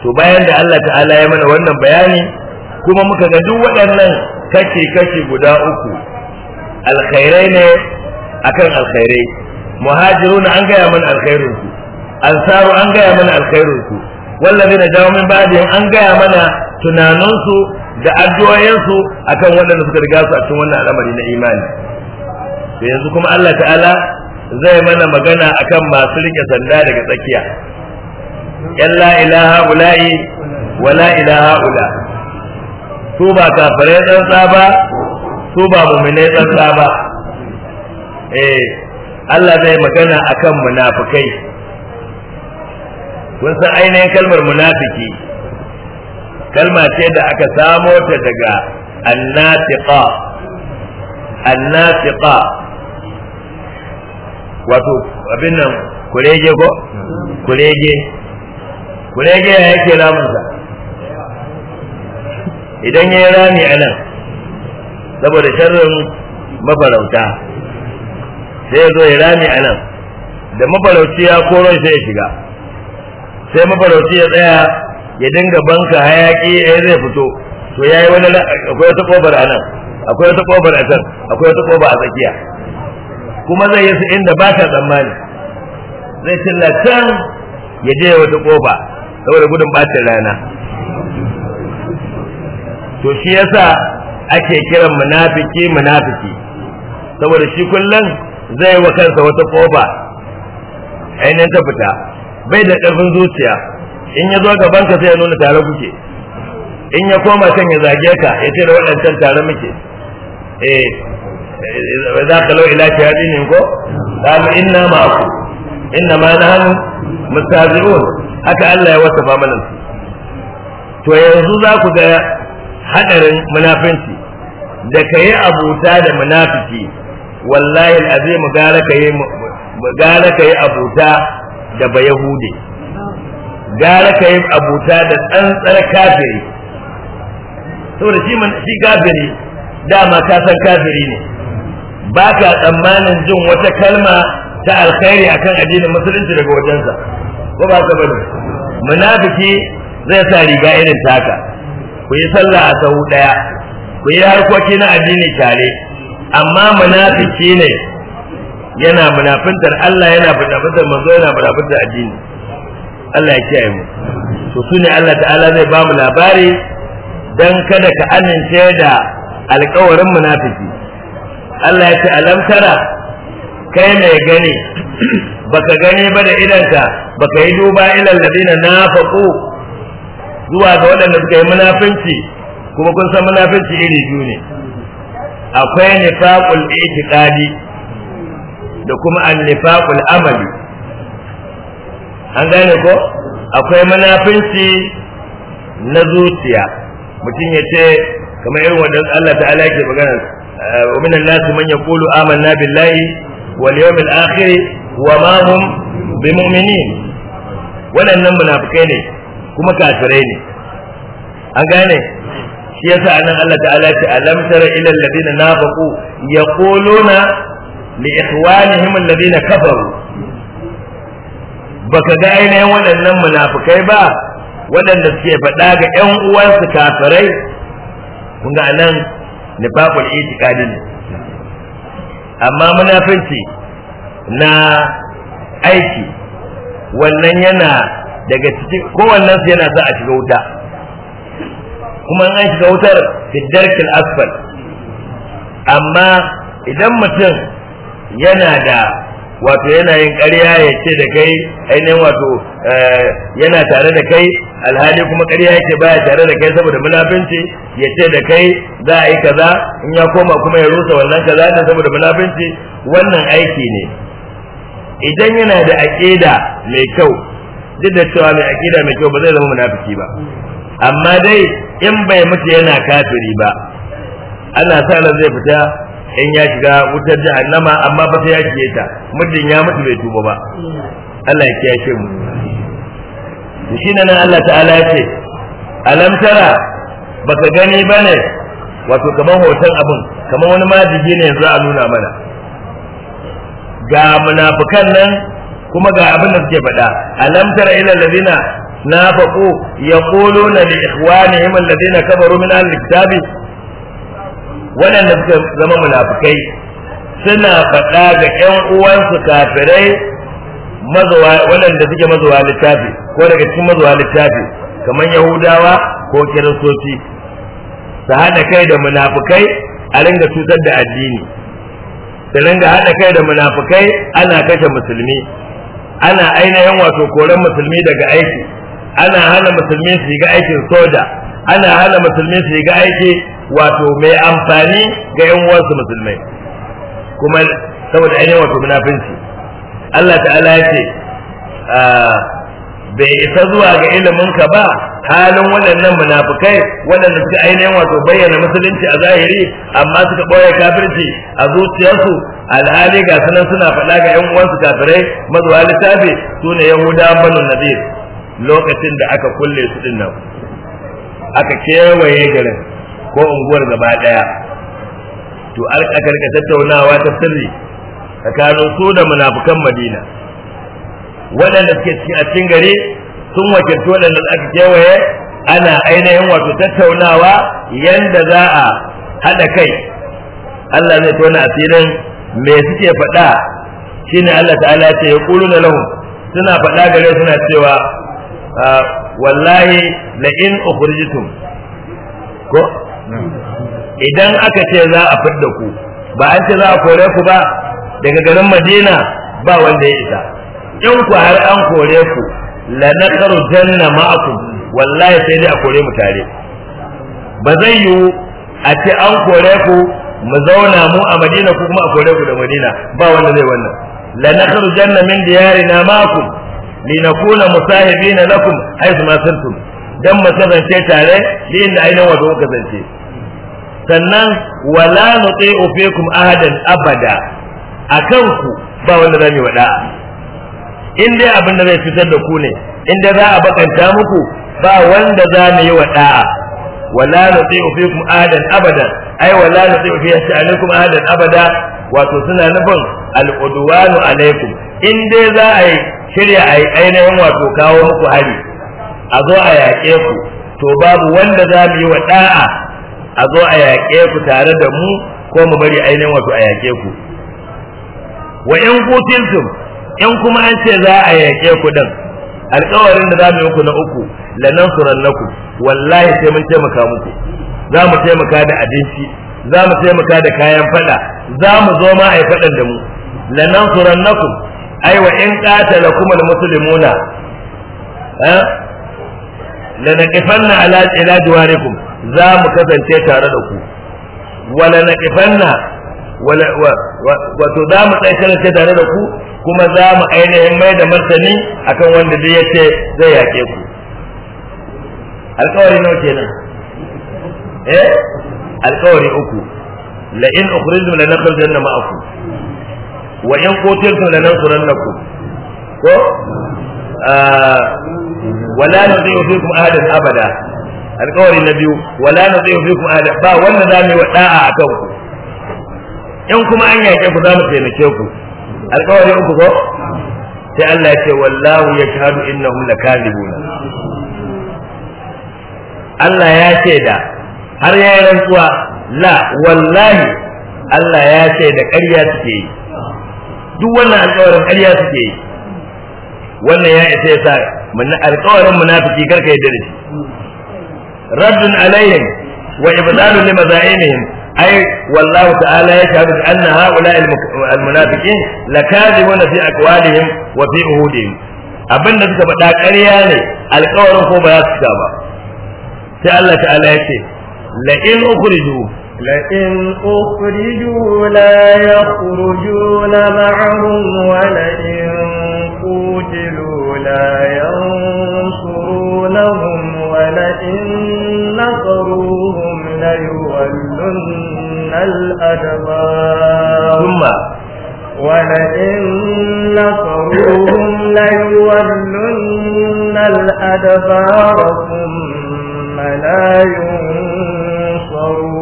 to bayan da Allah ta'ala ya mana wannan bayani kuma muka ga duk waɗannan kashi-kashi guda uku alkhairai ne akan alkhairai muhajiruna an gaya mana alkhairin ku ansaru an gaya mana alkhairin ku wallazina ja'u min ba'dihim an gaya mana tunaninsu da addu'o'insu akan waɗanda suka riga su a cikin wannan al'amari na imani to yanzu kuma Allah ta'ala zai mana magana akan masu rike sanda daga tsakiya yan la ilaha ula'i wa la ilaha ula su ba kafirai tsantsa ba su ba muminai tsantsa ba eh Allah zai magana akan munafikai kun san ainihin kalmar munafiki kalma ce da aka samo ta daga annatiqa annatiqa wato abin nan kurege ko kurege kurege ya yake ramunsa idan ya yi rami a nan saboda sharrin mafarauta sai ya zo ya rami a nan da mafarauci ya koro sai ya shiga sai mafarauci ya tsaya ya dinga banka hayaki ya eh, zai fito to yayi wani akwai wata kofar a nan akwai wata kofar a can akwai wata kofa a tsakiya kuma zai yi su inda ba ta tsammani zai cilla can ya je wata kofa saboda gudun bacin rana to shi yasa ake kiran munafiki munafiki saboda shi kullum zai wa kansa wata kofa ainihin ta fita bai da ƙarfin zuciya in ya zo gaban ka sai ya nuna tare kuke in ya koma kan ya zage ka ya ce da waɗancan tare muke eh, eh za ka lau ila ne ko qalu inna ma'aku inna ma hannu mustazi'un haka Allah ya wasafa su. to yanzu za ku ga hadarin munafinci da ka yi abuta da munafiki wallahi mu gara ka gara abuta da bayahude gara ka yi abuta da tsantsar kafiri saboda shi man shi kafiri dama ka san kafiri ne ba ka tsammanin jin wata kalma ta alkhairi akan addinin musulunci daga wajensa ko ba ka bane munafiki zai sa riga irin taka ku yi sallah a sau daya ku yi harkoki na addini tare amma munafiki ne yana munafintar Allah yana munafintar manzo yana munafintar addini Allah ya kiyaye mu to sune Allah ta'ala zai ba mu labari dan kada ka amince da alƙawarin munafiki Allah ya ce alam tara kai mai gani baka gani ba da idanka baka yi duba ila alladina nafaqu zuwa ga waɗanda suka yi munafinci kuma kun san munafinci iri biyu ne akwai nifaqul itiqadi da kuma an nifaqul amali an gane ko akwai manafinci na zuciya mutum ya ce kamar irin wanda Allah ta'ala yake magana eh, wa minan nasu man yaqulu amanna billahi wal yawmil akhir wa ma hum bimu'minin waɗannan munafikai ne kuma kafirai ne an gane shi yasa anan Allah ta'ala ce alam tara ila alladhina nafaqu yaquluna li ikhwanihim alladhina kafaru baka ga ainihin waɗannan munafukai ba waɗanda suke faɗa ga 'yan uwansu kafirai kun ga nan nifaqul itiqadi ne amma munafinci na aiki wannan yana daga cikin kowannen su yana sa a shiga wuta kuma an shiga wutar fiddarkil asfal amma idan mutum yana da wato yana yin ƙarya ya ce da kai ainihin wato eh, yana tare da kai alhali kuma ƙarya yake baya tare da kai saboda munafinci ya ce da kai za a yi kaza in ya koma kuma ya rusa wannan kaza ne saboda munafinci wannan aiki ne idan yana da aƙida mai kyau duk da cewa mai aƙida mai kyau ba zai zama munafiki ba amma dai in bai mutu yana kafiri ba ana sa zai fita in ya shiga wutar jahannama amma ba sai ya shige ta muddin ya mutu bai tuba ba Allah ya kiyashe mu shi nan Allah ta'ala ya ce alam tara baka gani bane wato kamar hoton abin kamar wani majiji ne yanzu a nuna mana ga munafikan nan kuma ga abin da suke faɗa alam tara ila ladina nafaqu yaquluna li ikhwanihim alladhina kafaru min ahli kitabi waɗanda suka zama munafukai suna faɗa ga ƴan uwansu kafirai mazuwa waɗanda suke mazuwa littafi ko daga cikin mazuwa littafi kamar yahudawa ko kiristoci su haɗa kai da munafukai a ringa cutar da addini su ringa haɗa kai da munafukai ana kashe musulmi ana ainihin wato koren musulmi daga aiki ana hana musulmi su yi ga aikin soja ana hana musulmi su yi ga aiki wato mai amfani ga yan uwansu musulmai kuma saboda ainihin wato munafinci Allah ta'ala ya ce ah, bai isa zuwa ga ilimin ka ba halin waɗannan munafukai waɗanda suka ainihin wato bayyana musulunci a zahiri amma suka ɓoye kafirci a zuciyarsu alhali ga sunan suna faɗa ga yan uwansu kafirai mazuwa littafi su ne yahudawan banu nadir lokacin da aka kulle su nan, aka kewaye garin ko unguwar gaba daya to aka rika tattaunawa ta sirri tsakanin su da munafukan madina waɗanda suke cikin a cikin gari sun wakilci waɗanda aka kewaye ana ainihin wato tattaunawa yanda za a haɗa kai Allah zai tona asirin me suke faɗa shine Allah ta'ala ce ya na lahum suna faɗa gare suna cewa ah, wallahi la in ukhrijtum ko idan aka ce za a fidda ku ba an ce za a kore ku ba daga garin madina ba wanda ya isa in ku har an kore ku la nakaru janna ma'aku wallahi sai dai a kore mu tare ba zai yiwu a ce an kore ku mu zauna mu a madina ku kuma a kore ku da madina ba wanda zai wannan la nakaru janna min diyarina ma'akum linakuna musahibina lakum haythu ma sirtum dan mu kasance tare da inda ainihin wato kasance sannan wala nuti'u fikum ahadan abada akan ku ba wanda zamu wada in dai abin da zai fitar da ku ne in dai za a bakanta muku ba wanda mu yi wada wala nuti'u fikum ahadan abada ai wala nuti'u fi alaikum ahadan abada wato suna nufin al'udwanu alaikum in dai za a yi shirya a yi ainihin wato kawo muku hari a zo a yaƙe ku to babu wanda za mu yi wa da'a a zo a yaƙe ku tare da mu ko mu bari ainihin wasu a yaƙe ku wa in kutiltum in kuma an ce za a yaƙe ku din alƙawarin da za mu yi ku na uku naku wallahi sai mun taimaka muku za mu taimaka da abinci za mu taimaka da kayan fada za mu zo ma a yi fadan da mu naku ai wa in kuma musulmuna eh lanaqifanna ala ila za mu kasance tare da ku wala naqifanna wala wato za mu tsaye kasance tare da ku kuma za mu ainihin mai da martani akan wanda duk yace zai yake ku alƙawari nawa kenan eh alƙawari uku la in ukhrijtum la nakhrujanna ma'akum wa in qutiltum la nansurannakum ko ah, wala nudhi'u fikum ahadan abada alƙawari na biyu wala na fi kuma ahada ba wanda za mu yi wa a kan ku in kuma an yaƙe ku za mu taimake ku alƙawari uku ko sai Allah ya ce wallahu yashhadu innahum lakazibun Allah ya ce da har yayin rantsuwa la wallahi Allah ya ce da ƙarya suke yi duk wannan alƙawarin ƙarya suke yi wannan ya isa ya sa alƙawarin munafiki karka yadda da shi raddun alaihim wa ibdalu li ai ay wallahu ta'ala ya yashhadu anna haula almunafiqin lakadibuna fi aqwalihim wa fi abin da suka faɗa ƙarya ne alƙawarin ko ba za su ba ta Allah ta'ala ya ce la in ukhriju لئن أخرجوا لا يخرجون معهم ولئن قتلوا لا ينصرونهم ولئن نصروهم ليولن الأدبار ثم ولئن نصروهم ليولن الأدبار ثم لا ينصرون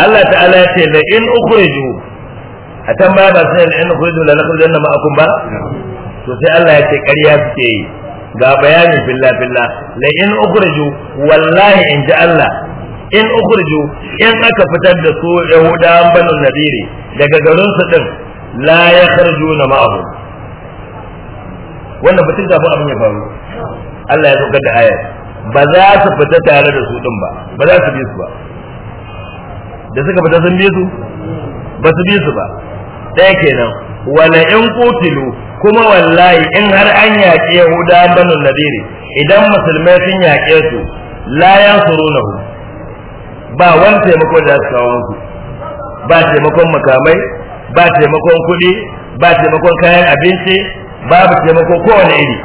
Allah ta'ala ya ce la in ukhriju a tambaya ba sai la in ukhriju la anna ma'akum ba to sai Allah ya ce ƙarya suke yi ga bayani filla filla la in ukhriju wallahi in ji Allah in ukhriju in aka fitar da su yahuda banu nadiri daga garin su din la yakhrujuna ma'ahu wannan fitin da abin ya faru Allah ya saukar da ayar ba za su fita tare da su din ba ba za su bi su ba da suka fita sun bi su ba su bi su ba ɗaya kenan wala in qutilu kuma wallahi in har an yaƙi yahuda banu nadiri idan musulmai sun yaƙe su la yansurunahu ba wani taimako da su kawo musu ba taimakon makamai ba taimakon kuɗi ba taimakon kayan abinci babu taimako kowane iri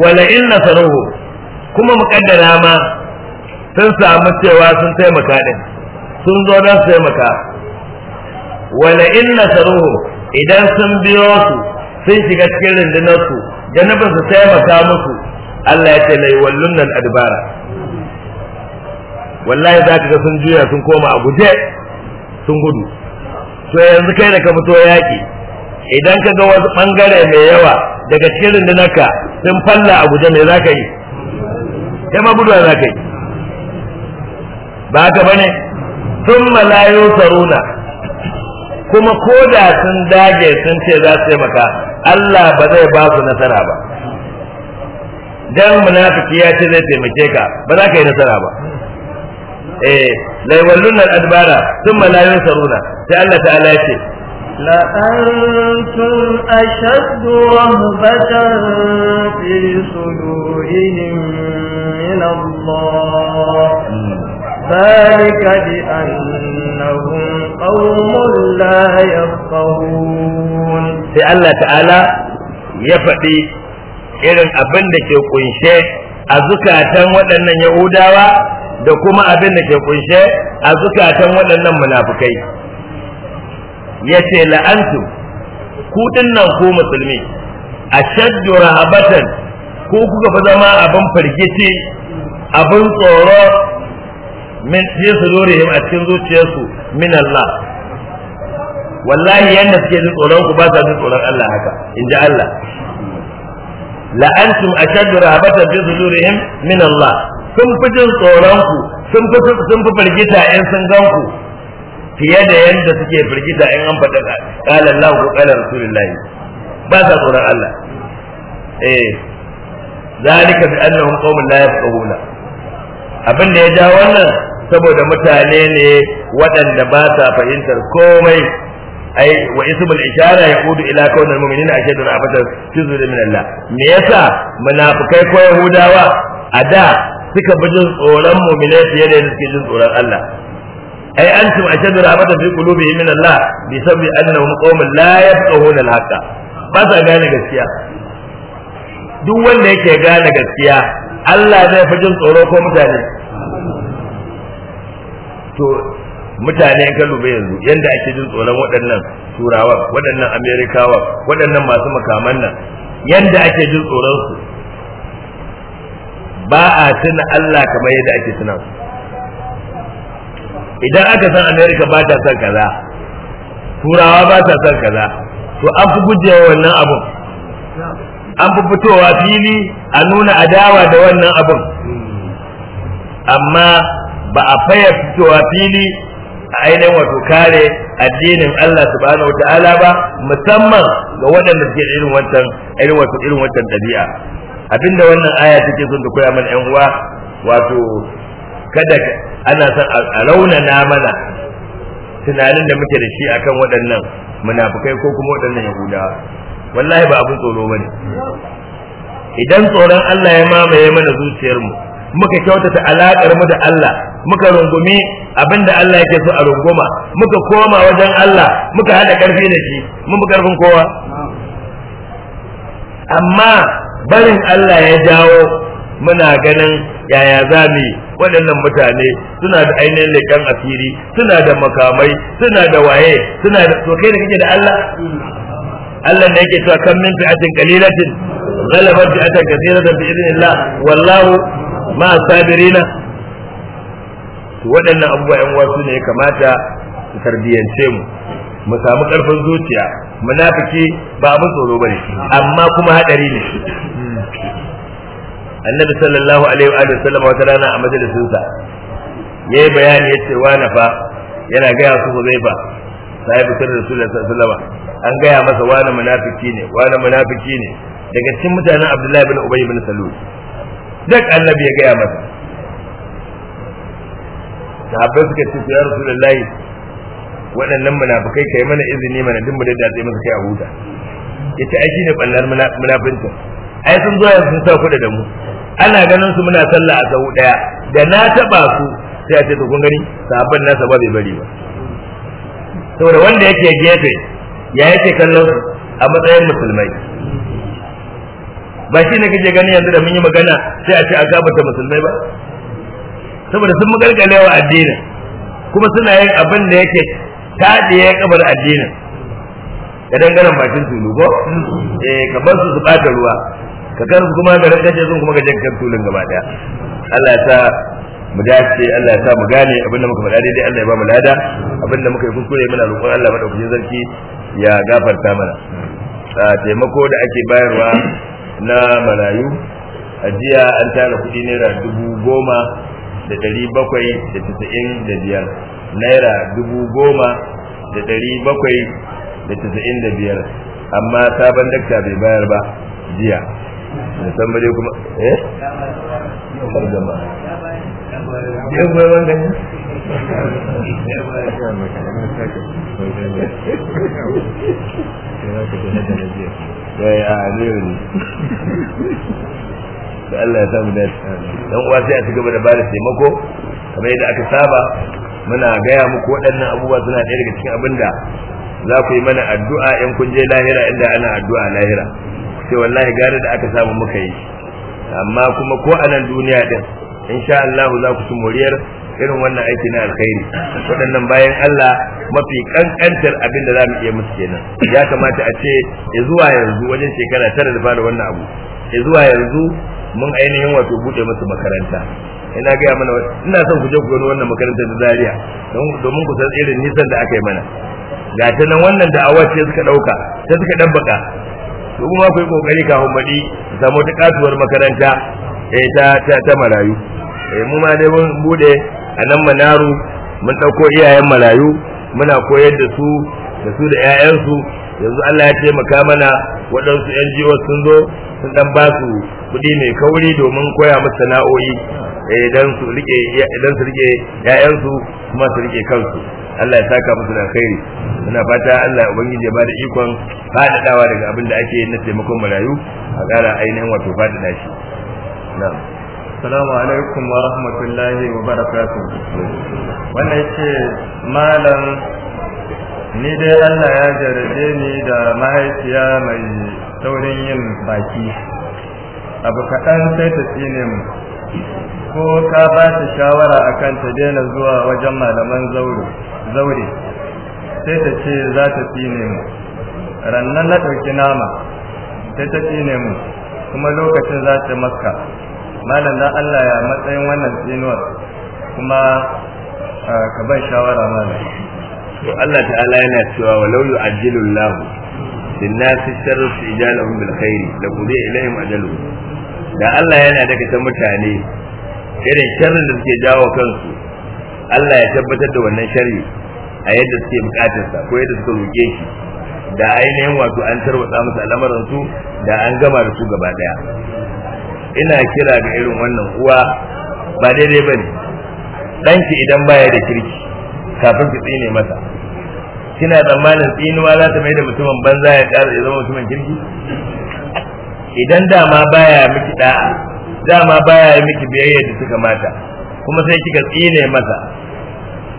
wala in nasaruhu kuma muƙaddara ma sun samu cewa sun taimaka din sun zo don su taimaka wala in nasaruhu idan sun biyo su sun shiga cikin rundunar su jannabar su taimaka musu Allah ya ce lai wallun nan adbara wallahi za ka ga sun juya sun koma a guje sun gudu to yanzu kai da ka fito yaki idan ka ga wasu bangare mai yawa daga cikin rundunarka sun falla a guje mai za ka yi kai ma gudu za ka yi ba haka bane thumma la yusaruna kuma ko da sun dage sun ce za su maka Allah ba zai ba su nasara ba dan munafiki ya ce zai taimake ka ba za ka yi nasara ba eh la yawalluna al-adbara thumma la yusaruna sai Allah ta'ala ya ce لأنتم أشد رهبة fi صدورهم min Allah ذلك hmm. بأن sai Allah ta'ala ya faɗi irin abin da ke kunshe a zukatan waɗannan yahudawa da kuma abin da ke kunshe a zukatan waɗannan munafukai ya ce la'antu ku nan ku musulmi a shaddu rahabatan ko kuka fi zama abin firgici abin tsoro min fi a cikin zuciyarsu min Allah wallahi yanda suke jin tsoron ku ba sa jin tsoron Allah haka in ji Allah la antum ashaddu rahabatan fi sudurihim min Allah sun fi jin tsoron ku sun fi sun fi firgita in sun gan ku fiye da yanda suke firgita in an faɗa qala Allah ko qala Rasulullah ba sa tsoron Allah eh zalika bi annahum qaumun la yafqahuna abin da ya ja wannan saboda mutane ne waɗanda ba sa fahimtar komai ai wa ismul ishara ya yaqudu ila kaunil mu'minina ashadun abatan tuzuri min Allah me yasa munafikai ko yahudawa a da suka bi jin tsoron mu'minai fiye da suke jin tsoron Allah ai antum ashaddu rahmatan fi qulubihim min Allah bi sabbi annahum qaumun la yafqahuna al-haqa ba sa gane gaskiya duk wanda yake gane gaskiya Allah zai fi jin tsoro ko mutane to mutane ka lube yanzu yanda ake jin tsoron waɗannan turawa waɗannan amerikawa waɗannan masu makaman nan yanda ake jin tsoron su ba a tuna Allah kamar yadda ake tuna su idan aka san amerika ba ta son kaza turawa ba ta son kaza to an fi gujewa wannan abun an fi fitowa fili a nuna adawa da wannan abun amma ba a faya fitowa fili A ainihin wato kare addinin Allah subhanahu ta'ala ba musamman ga waɗanda suke irin wancan irin wato irin wancan dabi'a abinda wannan aya take son ta koya mana ƴan uwa wato kada ana son a raunana mana tunanin da muke da shi akan waɗannan munafukai ko kuma waɗannan yahudawa wallahi ba abin tsoro bane idan tsoron Allah ya mamaye mana zuciyarmu muka kyautata alaƙar mu da Allah muka rungumi abinda Allah yake so a runguma muka koma wajen Allah muka hada karfi da shi mun bi karfin kowa amma barin Allah ya jawo muna ganin yaya za mu waɗannan mutane suna da ainihin leƙen asiri suna da makamai suna da waye suna da to kai da kake da Allah Allah ne yake cewa kan min fi'atin qalilatin ghalabat bi'atin kathiratan bi idnillah wallahu ma sabirina to waɗannan abubuwa yan wasu ne ya kamata su tarbiyance mu mu samu ƙarfin zuciya munafiki ba abin tsoro bane amma kuma hadari ne annabi sallallahu alaihi wa sallam wata rana a majalisin ya yi bayani yace wa wani fa yana gaya su zai fa sai bi sirrin rasulullahi sallallahu alaihi an gaya masa wani munafiki ne wani munafiki ne daga cikin mutanen abdullahi bin ubay bin salul duk annabi ya gaya masa sahabbai suka ce ya rasu da layi waɗannan ka kai mana izini mana duk mu daddatse musu kai a huta yace aiki ne ɓallar munafinta ai sun zo yanzu sun sa kuɗa da mu ana ganin su muna sallah a sahu ɗaya. da na taɓa su sai a ce to kun gani sahabban nasa ba bai bari ba saboda wanda yake gefe ya yake kallon a matsayin musulmai ba shi ne kake gani yanzu da mun yi magana sai a ce a gabata musulmai ba saboda sun wa addinin kuma suna yin abin da yake taɗiye kabar addinin ka dangaren bakin tulu ko eh ka bar su su bata ruwa ka kar su kuma garin kace sun kuma ka je kan tulun gaba daya Allah ya sa mu dace Allah ya sa mu gane abin da muka faɗa daidai Allah ya ba mu lada abin da muka yi kuskure muna roƙon Allah madaukakin sarki ya gafarta mana A ah, taimako da ake bayarwa na marayu a jiya an tara kuɗi naira dubu goma da dari bakwai da tisa'in da biyar naira dubu goma da dari bakwai da tisa'in da biyar amma sabon dakta bai bayar ba jiya musamman dai kuma eh Thank you. ya a ne da Allah ya samu da dan uwa sai a ci gaba da ba da taimako kamar yadda aka saba muna gaya muku waɗannan abubuwa suna ɗaya daga cikin abin da za ku yi mana addu'a in kun je lahira inda ana addu'a lahira sai wallahi gare da aka samu muka yi amma kuma ko a nan duniya din insha Allah za ku ci moriyar irin wannan aiki na alkhairi waɗannan bayan Allah mafi kankantar abin da za mu iya musu kenan ya kamata a ce ya zuwa yanzu wajen shekara tara da fara wannan abu ya zuwa yanzu mun ainihin wato bude musu makaranta ina gaya mana ina son ku je ku gano wannan makarantar da Zaria domin ku san irin nisan da aka yi mana ga ta nan wannan da awa ce suka ɗauka ta suka ɗabbaka to kuma ku yi kokari kafin baɗi samu ta katuwar makaranta eh ta ta marayu eh mu ma dai mun bude a nan manaru mun ɗauko iyayen marayu muna koyar da su da su da 'ya'yansu yanzu Allah ya taimaka mana waɗansu 'yan jiwa sun zo sun ɗan ba su kuɗi mai kauri domin koya musu sana'o'i idan eh, su rike idan 'ya'yansu kuma su rike kansu Allah ya saka musu da kairi. muna fata Allah ubangiji ya ba da ikon faɗaɗawa daga abin da ake na taimakon marayu a ƙara ainihin wato faɗaɗa shi assalamu alaikum wa rahmatullahi wa barakatu. wannan ce malam ni dai Allah ya jarabe ni da mahaifiya mai saurin yin baki abu kaɗan sai ta tsine mu ko ka ba ta shawara akan ta daina zuwa wajen malaman zaure sai ta ce za ta tsine mu rannan na ɗauki nama sai ta tsine mu kuma lokacin za ta maska malam dan Allah ya matsayin wannan tsinuwar kuma ka ban shawara malam to Allah ta'ala yana cewa walau yu'ajjilu Allah linnasi sharru ijalahum bil khairi la qudi ilaihim ajaluhum da Allah yana daga ta mutane irin sharrin da suke jawo kansu Allah ya tabbatar da wannan sharri a yadda suke sa ko yadda suka roke shi da ainihin wato an tarwatsa musu al'amuran su da an gama da su gaba daya ina kira ga irin wannan uwa ba daidai ba Dan ki idan baya da kirki kafin ki tsine masa kina tsammanin tsinuwa za ta mai da mutumin banza ya ƙara ya zama mutumin kirki idan dama baya miki da'a dama baya miki biyayya da suka mata kuma sai kika tsine masa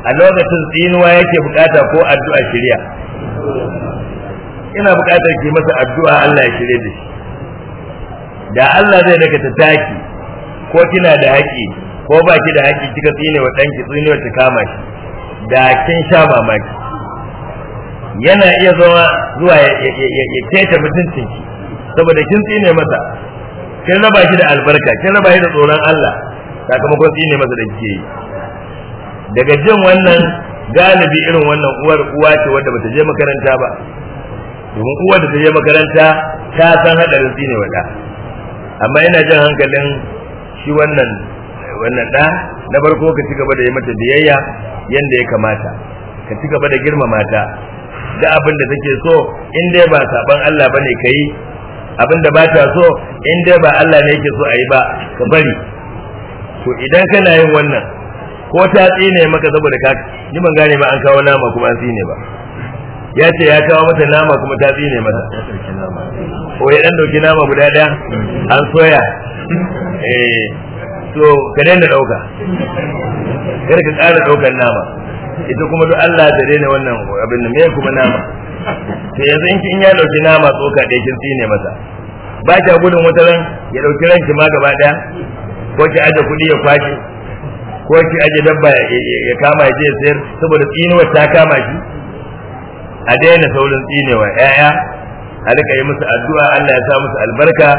a lokacin tsinuwa yake bukata ko addu'a shirya ina bukatar ki masa addu'a Allah ya shirye da shi da Allah zai daga ta taki ko kina da haƙi ko ba ki da haƙi kika tsine wa ɗanki tsine wa kama shi da kin sha mamaki yana iya zama zuwa ya keta mutuncin ki saboda kin tsine masa kin raba shi da albarka kin raba shi da tsoron Allah sakamakon tsine masa da kike yi daga jin wannan galibi irin wannan uwar uwa ce wadda bata je makaranta ba domin uwar da ta je makaranta ta san hadarin tsine wa da amma yana jan hankalin shi wannan wannan da na farko ka ci gaba da yi mata biyayya yanda ya kamata ka ci gaba da girmama ta da abin da take so in dai ba saban Allah bane kai abin da ba ta so in dai ba Allah ne yake so a yi ba ka bari to idan kana yin wannan ko ta tsine maka saboda ka ni ban gane ba an kawo nama kuma an tsine ba ya ce ya kawo mata nama kuma ta tsine mata ko ya dan dauki nama guda daya an soya eh to ka daina dauka kar ka kara daukan nama ita kuma duk Allah ta daina wannan abin da, me kuma nama sai yanzu in kin ya dauki nama tsoka da kin tsine masa ba ta gudun wataran ya dauki ranki ma gaba daya ko ki aje kuɗi ya kwaki, ko ki aje dabba ya kama ya je sayar saboda tsinuwar ta kama shi a daina saurin tsinewa 'ya'ya a rika yi musu addu'a Allah ya sa musu albarka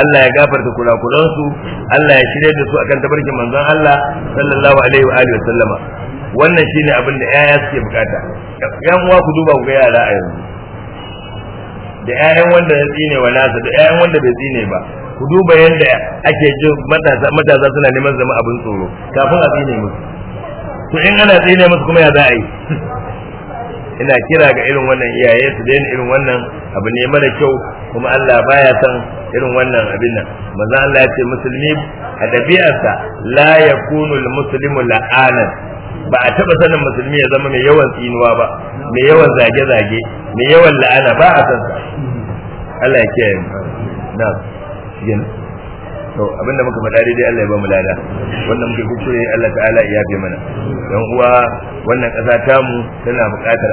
Allah ya gafarta kurakuran su Allah ya shirya da su akan tabarkin manzon Allah sallallahu alaihi wa alihi wasallama wannan shine abin da yaya suke bukata yan uwa ku duba ku ga yara a yanzu da yayan wanda ya tsine wa nasa da yayan wanda bai tsine ba ku duba yadda ake ji matasa matasa suna neman zama abin tsoro kafin a tsine musu to in ana tsine musu kuma ya za a yi ina kira ga irin wannan iyaye su daina irin wannan abu ne mara kyau kuma Allah baya san irin wannan abin nan manzo Allah ya ce musulmi a dabi'arsa la yakunu almuslimu la'anan ba a taba sanin musulmi ya zama mai yawan tsinuwa ba mai yawan zage-zage mai yawan la'ana ba a san Allah ya kiyaye mu yin yana to abinda muka faɗa daidai Allah ya ba mu lada wannan muke kuskure Allah ta'ala ya yafe mana dan uwa wannan ƙasa tamu tana buƙatar